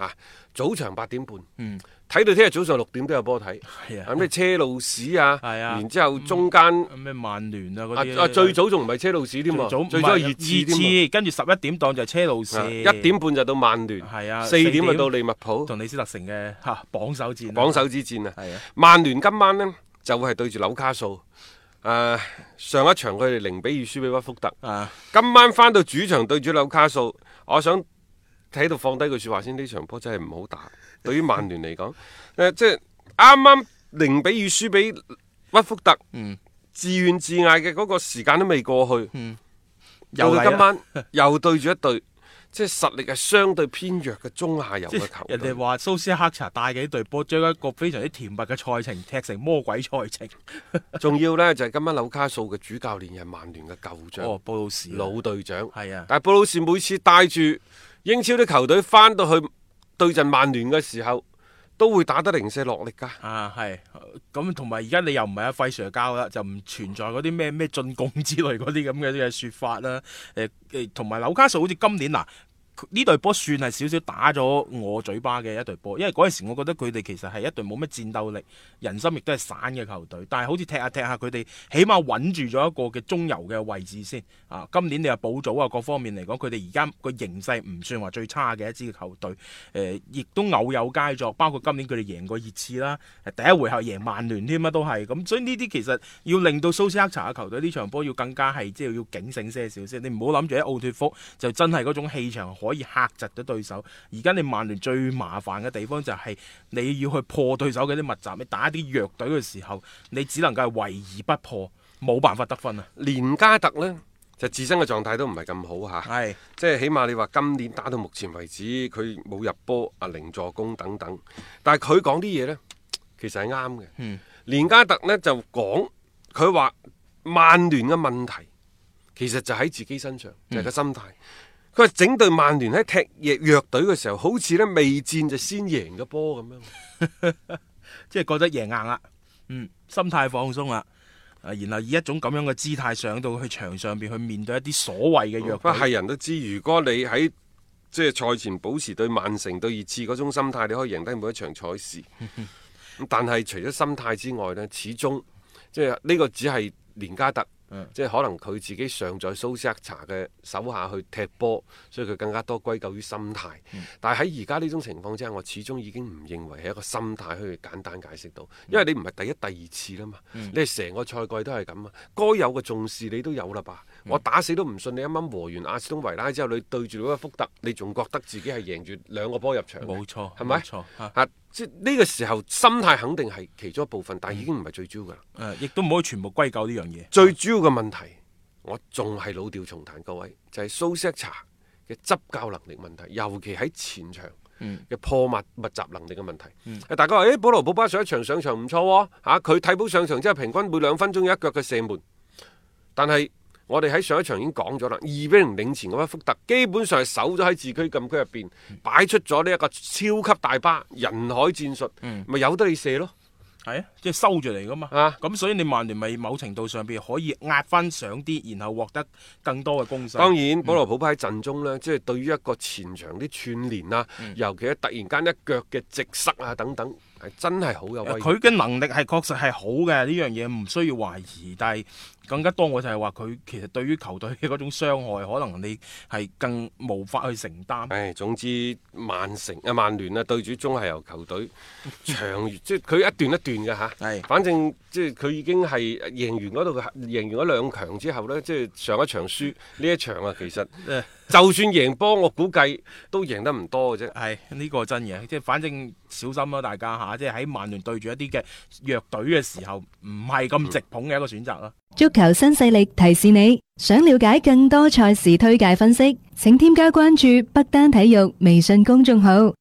啊！早場八點半，嗯，睇到聽日早上六點都有波睇，係啊，咩車路士啊，係啊，然之後中間咩曼聯啊嗰啲，啊，最早仲唔係車路士添啊，最早熱刺，熱刺，跟住十一點當就係車路士，一點半就到曼聯，係啊，四點就到利物浦同李斯特城嘅吓榜首戰，榜首之戰啊，係啊，曼聯今晚呢就係對住紐卡素，誒，上一場佢哋零比二輸俾屈福特，啊，今晚翻到主場對住紐卡素，我想。睇到放低句說話先，呢場波真係唔好打。對於曼聯嚟講，誒，即係啱啱零比二輸俾屈福特，嗯，自怨自艾嘅嗰個時間都未過去，又今晚又對住一隊，即係實力係相對偏弱嘅中下游嘅球。人哋話蘇斯克查帶嘅呢隊波，將一個非常之甜蜜嘅賽程踢成魔鬼賽程。仲要呢，就係今晚紐卡素嘅主教練係曼聯嘅舊將，布魯士老隊長係啊，但係布魯士每次帶住。英超啲球隊翻到去對陣曼聯嘅時候，都會打得零舍落力噶、啊啊。啊，係咁同埋而家你又唔係阿費 Sir 教啦，就唔存在嗰啲咩咩進攻之類嗰啲咁嘅嘅說法啦。誒誒，同埋紐卡素好似今年嗱、啊。呢隊波算係少少打咗我嘴巴嘅一隊波，因為嗰陣時我覺得佢哋其實係一隊冇乜戰鬥力，人心亦都係散嘅球隊。但係好似踢下踢下，佢哋起碼穩住咗一個嘅中游嘅位置先。啊，今年你話補組啊，各方面嚟講，佢哋而家個形勢唔算話最差嘅一支球隊。誒、呃，亦都偶有佳作，包括今年佢哋贏過熱刺啦，第一回合贏曼聯添啊，都係咁、啊。所以呢啲其實要令到蘇斯克查嘅球隊呢場波要更加係即係要警醒些少先。你唔好諗住喺奧脱福就真係嗰種氣場可以吓窒咗對手，而家你曼聯最麻煩嘅地方就係你要去破對手嗰啲密集，你打啲弱隊嘅時候，你只能夠係圍而不破，冇辦法得分啊！連加特呢，就自身嘅狀態都唔係咁好吓，係即係起碼你話今年打到目前為止佢冇入波，啊零助攻等等，但係佢講啲嘢呢，其實係啱嘅。嗯，連加特呢，就講佢話曼聯嘅問題其實就喺自己身上，就係個心態。嗯佢整隊曼聯喺踢弱隊嘅時候，好似咧未戰就先贏個波咁樣， 即係覺得贏硬啦，嗯，心態放鬆啦，啊，然後以一種咁樣嘅姿態上到去場上邊去面對一啲所謂嘅弱隊，係、嗯、人都知，如果你喺即係賽前保持對曼城對熱刺嗰種心態，你可以贏低每一場賽事。 但係除咗心態之外呢始終即係呢個只係連加特。嗯、即係可能佢自己上在蘇斯克查嘅手下去踢波，所以佢更加多歸咎於心態。嗯、但係喺而家呢種情況之下，我始終已經唔認為係一個心態可以簡單解釋到，因為你唔係第一、第二次啦嘛，嗯、你係成個賽季都係咁啊，該有嘅重視你都有啦吧。我打死都唔信你啱啱和完阿斯通維拉之後，你對住嗰個福特，你仲覺得自己係贏住兩個波入場？冇錯，係咪？錯嚇，即呢個時候心態肯定係其中一部分，但係已經唔係最主要噶啦、啊。亦都唔可以全部歸咎呢樣嘢。啊、最主要嘅問題，我仲係老調重彈，各位就係蘇斯茶嘅執教能力問題，尤其喺前場嘅破密密集能力嘅問題。嗯嗯、大家話誒、哎，保羅保巴上一場上場唔錯喎，佢替補上場之後平均每兩分鐘有一腳嘅射門，但係。我哋喺上一場已經講咗啦，二比零領前嗰班福特基本上係守咗喺自區禁區入邊，擺出咗呢一個超級大巴人海戰術，咪由、嗯、得你射咯，係啊，即係收住嚟噶嘛嚇，咁、啊、所以你曼聯咪某程度上邊可以壓翻上啲，然後獲得更多嘅攻勢。當然，保羅普巴喺陣中呢，即係、嗯、對於一個前場啲串連啊，嗯、尤其係突然間一腳嘅直塞啊等等。係真係好有威力！佢嘅能力係確實係好嘅呢樣嘢，唔需要懷疑。但係更加多我就係話佢其實對於球隊嘅嗰種傷害，可能你係更無法去承擔。唉、哎，總之曼城啊，曼聯啊，對主中係由球隊長， 即係佢一段一段嘅嚇。啊、是反正即係佢已經係贏完嗰度，贏完嗰兩強之後呢，即係上一場輸呢 一場啊，其實。 就算贏波，我估計都贏得唔多嘅啫。係呢個真嘢，即係反正小心啦，大家吓，即係喺曼聯對住一啲嘅弱隊嘅時候，唔係咁直捧嘅一個選擇啦。足球新勢力提示你，想了解更多賽事推介分析，請添加關注北單體育微信公眾號，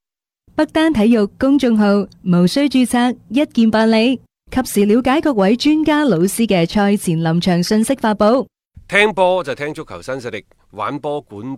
北單體育公眾號無需注冊，一鍵辦理，及時了解各位專家老師嘅賽前臨場信息發布。聽波就聽足球新勢力，玩波管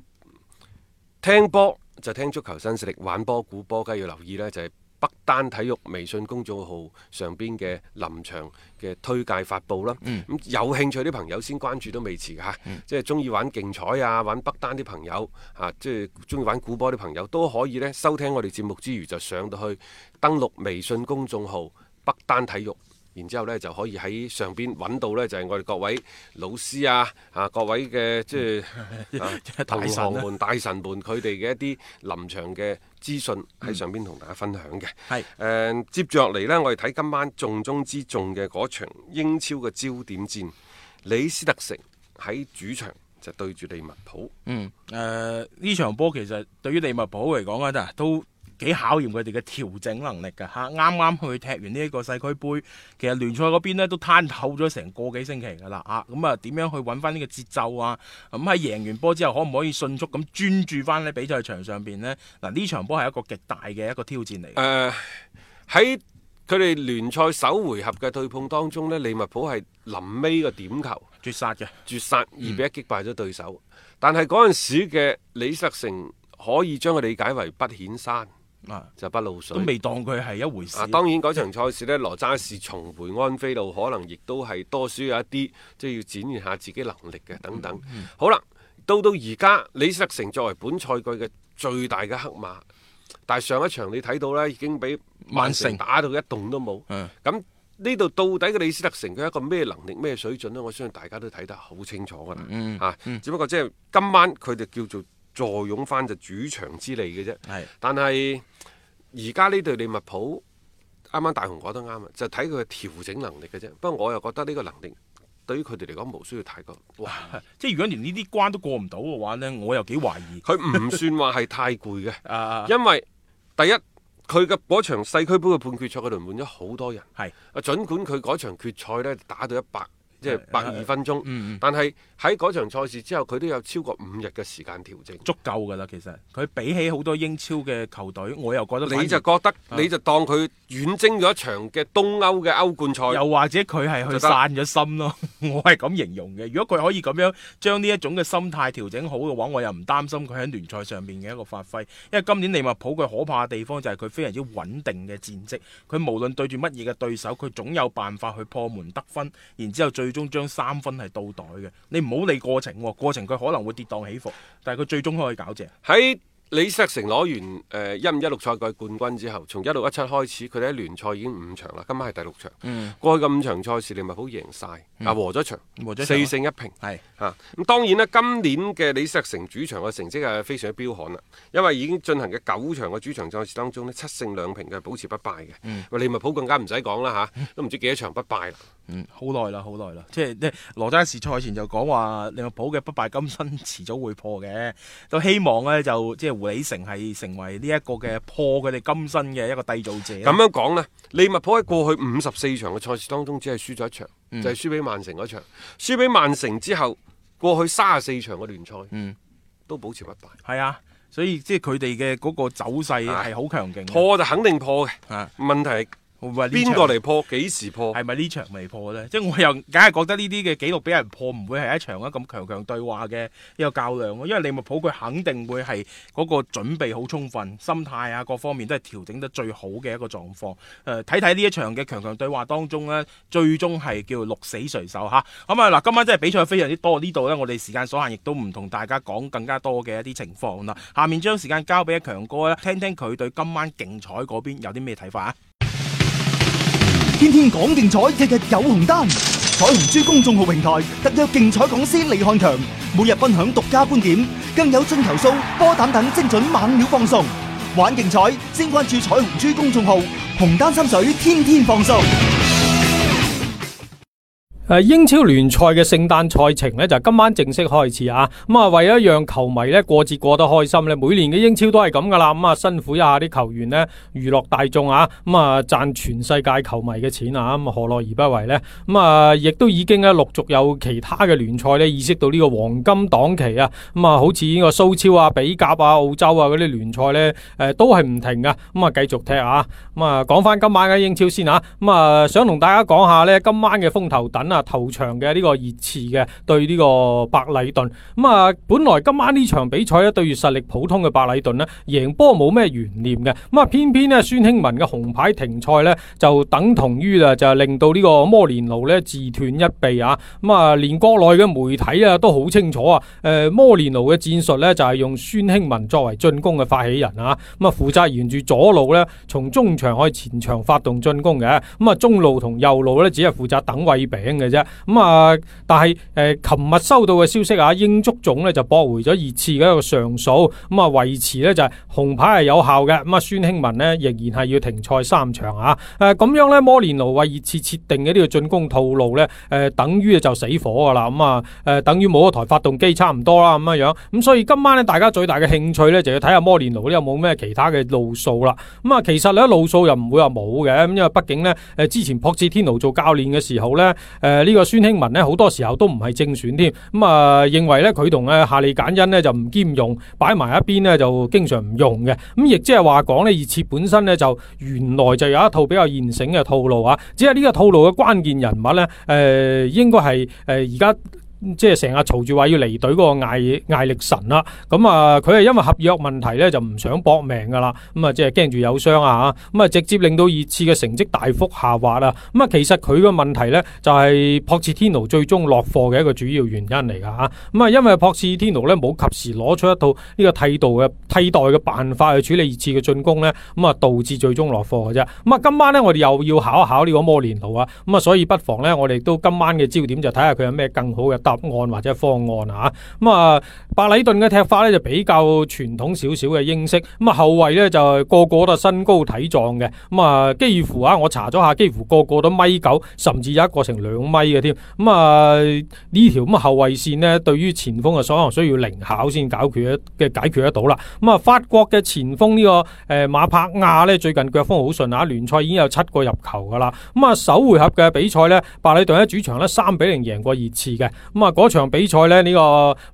聽波就聽足球新勢力，玩波估波，梗係要留意呢，就係、是、北單體育微信公眾號上邊嘅臨場嘅推介發布啦。咁、嗯、有興趣啲朋友先關注都未遲㗎，嗯、即係中意玩競彩啊，玩北單啲朋友啊，即係中意玩估波啲朋友都可以呢。收聽我哋節目之餘就上到去登錄微信公眾號北單體育。然之後咧，就可以喺上邊揾到呢，就係、是、我哋各位老師啊，啊各位嘅即係大神們、大神們佢哋嘅一啲臨場嘅資訊喺上邊同大家分享嘅。係誒、嗯嗯，接住落嚟呢，我哋睇今晚重中之重嘅嗰場英超嘅焦點戰，李斯特城喺主場就對住利物浦。嗯誒、呢、呃、場波其實對於利物浦嚟講咧，都～幾考驗佢哋嘅調整能力噶吓，啱、啊、啱去踢完呢一個世俱杯，其實聯賽嗰邊呢都攤透咗成個幾星期噶啦啊，咁啊點、嗯、樣去揾翻呢個節奏啊？咁喺贏完波之後，可唔可以迅速咁專注翻喺比賽場上邊呢？嗱、啊，呢場波係一個極大嘅一個挑戰嚟。誒、呃，喺佢哋聯賽首回合嘅對碰當中呢，利物浦係臨尾個點球絕殺嘅絕殺二比一擊敗咗對手，嗯、但係嗰陣時嘅李斯特城可以將佢理解為不顯山。就不露水，啊、都未當佢係一回事啊。啊，當然嗰場賽事呢，羅渣士重回安菲路，可能亦都係多少有一啲，即係要展現下自己能力嘅等等。嗯嗯、好啦，到到而家，李斯特城作為本賽季嘅最大嘅黑馬，但係上一場你睇到呢，已經俾曼城打到一動都冇。嗯。咁呢度到底嘅李斯特城佢一個咩能力、咩水準呢？我相信大家都睇得好清楚噶啦。嗯嗯嗯、啊。只不過即係今晚佢哋叫做。坐擁翻就主場之利嘅啫，是但係而家呢隊利物浦，啱啱大雄講得啱啊，就睇佢嘅調整能力嘅啫。不過我又覺得呢個能力對於佢哋嚟講無需要太過。哇！啊、即係如果連呢啲關都過唔到嘅話呢，我又幾懷疑。佢唔算話係太攰嘅， 啊、因為第一佢嘅嗰場世俱杯嘅半決賽度輪換咗好多人，係啊是，儘管佢嗰場決賽咧打到一百。即係百二分鐘，嗯、但係喺嗰場賽事之後，佢都有超過五日嘅時間調整，足夠㗎啦。其實佢比起好多英超嘅球隊，我又覺得你就覺得、嗯、你就當佢遠征咗一場嘅東歐嘅歐冠賽，又或者佢係去散咗心咯，我係咁形容嘅。如果佢可以咁樣將呢一種嘅心態調整好嘅話，我又唔擔心佢喺聯賽上面嘅一個發揮。因為今年利物浦佢可怕嘅地方就係佢非常之穩定嘅戰績，佢無論對住乜嘢嘅對手，佢總有辦法去破門得分，然之後最。最終將三分係到袋嘅。你唔好理過程，哦，過程佢可能會跌宕起伏，但係佢最終可以搞正喺。李錫成攞完誒一五一六賽季冠軍之後，從一六一七開始，佢哋喺聯賽已經五場啦，今晚係第六場。嗯、過去嘅五場賽事，利物浦贏晒，啊、嗯、和咗場，四勝一平。係是啊，咁、嗯、當然呢，今年嘅李錫成主場嘅成績係，非常之彪悍啦，因為已經進行嘅九場嘅主場賽事當中咧，七勝兩平嘅保持不敗嘅。喂、嗯，利物浦更加唔使講啦嚇，都唔知幾多場不敗啦。嗯、好耐啦，好耐啦，即係即係羅渣士賽前就講話利物浦嘅不敗金身遲早會破嘅，都希望呢，就即係。李成係成為呢一個嘅破佢哋金身嘅一個締造者。咁樣講呢，利物浦喺過去五十四場嘅賽事當中，只係輸咗一場，嗯、就係輸俾曼城嗰場。輸俾曼城之後，過去三十四場嘅聯賽，嗯，都保持不敗。係啊，所以即係佢哋嘅嗰個走勢係好強勁，破就肯定破嘅。啊，問題。邊個嚟破？幾時破？係咪呢場未破呢？即係我又梗係覺得呢啲嘅紀錄俾人破唔會係一場咁強強對話嘅一個較量咯。因為利物浦佢肯定會係嗰個準備好充分，心態啊各方面都係調整得最好嘅一個狀況，呃。誒，睇睇呢一場嘅強強對話當中呢，最終係叫鹿死誰手吓。咁啊嗱，今晚真係比賽非常之多呢度呢，我哋時間所限，亦都唔同大家講更加多嘅一啲情況啦。下面將時間交俾阿強哥咧，聽聽佢對今晚競彩嗰邊有啲咩睇法啊！天天講競彩，日日有紅單。彩虹珠公眾號平台特約競彩講師李漢強，每日分享獨家觀點，更有進球數、波膽等精準猛料放送。玩競彩，先關注彩虹珠公眾號，紅單心水，天天放送。誒，英超聯賽嘅聖誕賽程呢，就是，今晚正式開始啊！咁、嗯、啊，為咗讓球迷呢，過節過得開心呢，每年嘅英超都係咁噶啦，咁、嗯、啊，辛苦一下啲球員呢，娛樂大眾啊，咁啊賺全世界球迷嘅錢啊，咁啊何樂而不為呢？咁、嗯、啊、呃，亦都已經呢，陸續有其他嘅聯賽呢，意識到呢個黃金檔期啊，咁、嗯、啊，好似呢個蘇超啊、比甲啊、澳洲啊嗰啲聯賽呢，誒、呃、都係唔停噶，咁啊繼續踢啊！咁、嗯、啊，講翻今晚嘅英超先吓、啊，咁、嗯、啊、呃、想同大家講下呢，今晚嘅風頭躉啊！頭場嘅呢個熱刺嘅對呢個白禮頓咁啊，本來今晚呢場比賽咧對住實力普通嘅白禮頓呢，贏波冇咩懸念嘅咁啊，偏偏呢孫興文嘅紅牌停賽呢，就等同於啊，就令到呢個摩連奴呢自斷一臂啊！咁啊，連國內嘅媒體啊都好清楚啊，誒，摩連奴嘅戰術呢就係用孫興文作為進攻嘅發起人啊，咁啊負責沿住左路呢，從中場可以前場發動進攻嘅，咁啊中路同右路呢，只係負責等位餅嘅。咁啊、嗯！但係誒，琴、呃、日收到嘅消息啊，英足總呢就駁回咗熱刺嘅一個上訴，咁啊維持呢就係、是、紅牌係有效嘅，咁啊孫興文呢仍然係要停賽三場啊！誒、啊，咁樣咧摩連奴為熱刺設定嘅呢個進攻套路呢，誒、呃、等於就死火噶啦，咁啊誒等於冇一台發動機差唔多啦咁樣樣，咁、嗯、所以今晚咧大家最大嘅興趣呢，就要睇下摩連奴呢有冇咩其他嘅路數啦。咁、嗯、啊，其實呢，路數又唔會話冇嘅，咁因為畢竟呢，誒之前朴智天奴做教練嘅時候呢。誒、呃。呃呃呢個孫興文咧，好多時候都唔係正選添，咁、嗯、啊、呃、認為咧佢同啊夏利簡恩咧就唔兼容，擺埋一邊咧就經常唔用嘅，咁亦即係話講呢熱刺本身呢，就原來就有一套比較現成嘅套路啊，只係呢個套路嘅關鍵人物呢，誒、呃、應該係誒而家。呃即係成日嘈住話要離隊嗰個艾艾力神啦、啊，咁啊佢係因為合約問題咧就唔想搏命噶啦，咁、嗯、啊即係驚住有傷啊，咁、嗯、啊直接令到熱刺嘅成績大幅下滑啊。咁、嗯、啊其實佢個問題咧就係博次天奴最終落課嘅一個主要原因嚟噶吓，咁、嗯、啊因為博次天奴咧冇及時攞出一套呢個替代嘅替代嘅辦法去處理熱刺嘅進攻咧，咁、嗯、啊導致最終落課嘅啫。咁、嗯、啊，今晚咧我哋又要考一考呢個摩連奴啊，咁、嗯、啊所以不妨咧我哋都今晚嘅焦點就睇下佢有咩更好嘅答案或者方案啊，咁啊，白里頓嘅踢法咧就比較傳統少少嘅英式，咁啊後衛咧就個個都身高體壯嘅，咁啊幾乎啊我查咗下，幾乎個個都米九，甚至有一個成兩米嘅添，咁啊，啊呢條咁啊後衛線咧，對於前鋒嘅所需要靈巧先解決一嘅解決得到啦，咁啊法國嘅前鋒，這個呃、呢個誒馬帕亞咧最近腳風好順啊，聯賽已經有七個入球噶啦，咁啊首回合嘅比賽咧，白里頓喺主場咧三比零贏過熱刺嘅。咁啊，嗰、嗯、場比賽咧呢、這個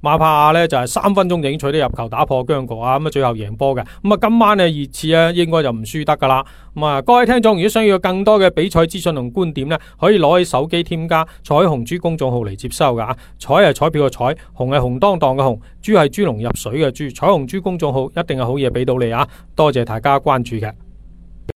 馬帕亞呢，帕怕咧就係、是、三分鐘已經取得入球打破僵局啊！咁啊，最後贏波嘅。咁啊，今晚咧熱刺咧、啊、應該就唔輸得噶啦。咁啊，各位聽眾，如果想要更多嘅比賽資訊同觀點咧，可以攞起手機添加彩虹豬公眾號嚟接收噶啊！彩係彩票嘅彩，紅係紅當當嘅紅，豬係豬籠入水嘅豬，彩虹豬公眾號一定係好嘢俾到你啊！多謝大家關注嘅。